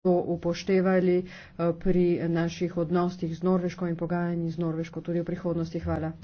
to upoštevali eh, pri naših odnostih z Norveško in pogajanji z Norveško tudi v prihodnosti. Hvala.